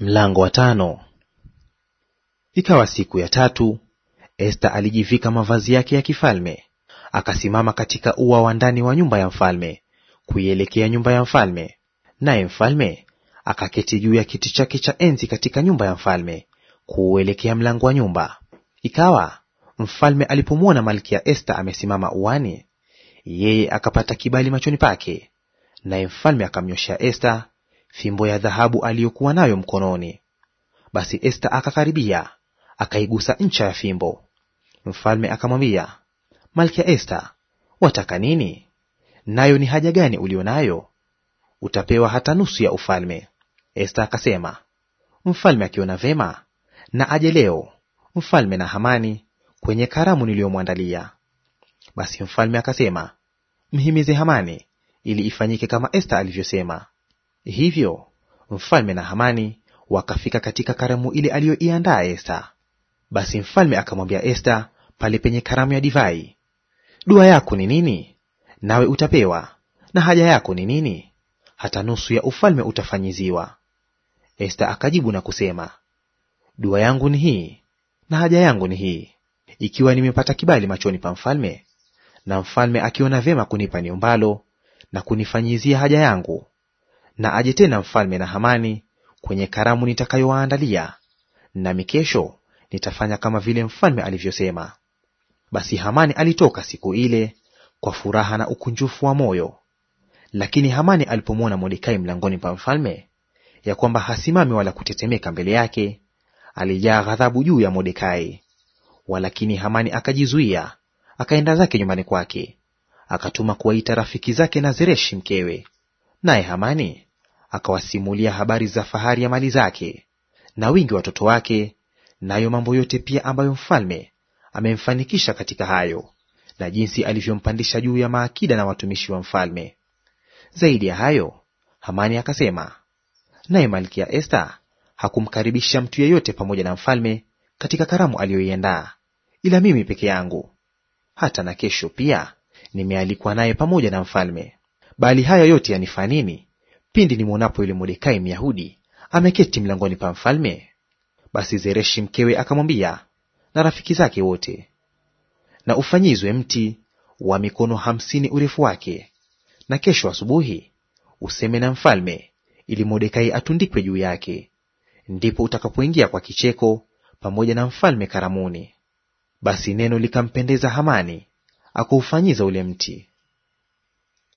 Mlango wa tano. Ikawa siku ya tatu, Esta alijivika mavazi yake ya kifalme, akasimama katika ua wa ndani wa nyumba ya mfalme kuielekea nyumba ya mfalme, naye mfalme akaketi juu ya kiti chake cha enzi katika nyumba ya mfalme kuuelekea mlango wa nyumba. Ikawa mfalme alipomwona malkia Esta amesimama uani, yeye akapata kibali machoni pake, naye mfalme akamnyoshea Esta fimbo ya dhahabu aliyokuwa nayo mkononi. Basi Esta akakaribia akaigusa ncha ya fimbo. Mfalme akamwambia, Malkia Esta, wataka nini? Nayo ni haja gani uliyo nayo? Utapewa hata nusu ya ufalme. Esta akasema, mfalme akiona vema na aje leo, mfalme na Hamani kwenye karamu niliyomwandalia. Basi mfalme akasema, mhimize Hamani ili ifanyike kama Esta alivyosema. Hivyo mfalme na Hamani wakafika katika karamu ile aliyoiandaa Esta. Basi mfalme akamwambia Esta pale penye karamu ya divai, dua yako ni nini? Nawe utapewa. Na haja yako ni nini? Hata nusu ya ufalme utafanyiziwa. Esta akajibu na kusema, dua yangu ni hii na haja yangu ni hii, ikiwa nimepata kibali machoni pa mfalme, na mfalme akiona vyema kunipa niumbalo na kunifanyizia haja yangu, na aje tena mfalme na Hamani kwenye karamu nitakayowaandalia, nami kesho nitafanya kama vile mfalme alivyosema. Basi Hamani alitoka siku ile kwa furaha na ukunjufu wa moyo. Lakini Hamani alipomwona Mordekai mlangoni pa mfalme, ya kwamba hasimami wala kutetemeka mbele yake, alijaa ghadhabu juu ya Mordekai. Walakini Hamani akajizuia, akaenda zake nyumbani kwake, akatuma kuwaita rafiki zake na Zereshi mkewe, Naye Hamani akawasimulia habari za fahari ya mali zake na wingi wa watoto wake, nayo mambo yote pia ambayo mfalme amemfanikisha katika hayo, na jinsi alivyompandisha juu ya maakida na watumishi wa mfalme. Zaidi ya hayo, Hamani akasema, naye Malkia Esta hakumkaribisha mtu yeyote pamoja na mfalme katika karamu aliyoiandaa, ila mimi peke yangu. Hata na kesho pia nimealikwa naye pamoja na mfalme. Bali haya yote yanifaa nini pindi nimwonapo yule Mordekai Myahudi ameketi mlangoni pa mfalme? Basi Zereshi mkewe akamwambia na rafiki zake wote, na ufanyizwe mti wa mikono hamsini urefu wake, na kesho asubuhi useme na mfalme, ili Mordekai atundikwe juu yake. Ndipo utakapoingia kwa kicheko pamoja na mfalme karamuni. Basi neno likampendeza Hamani akaufanyiza ule mti.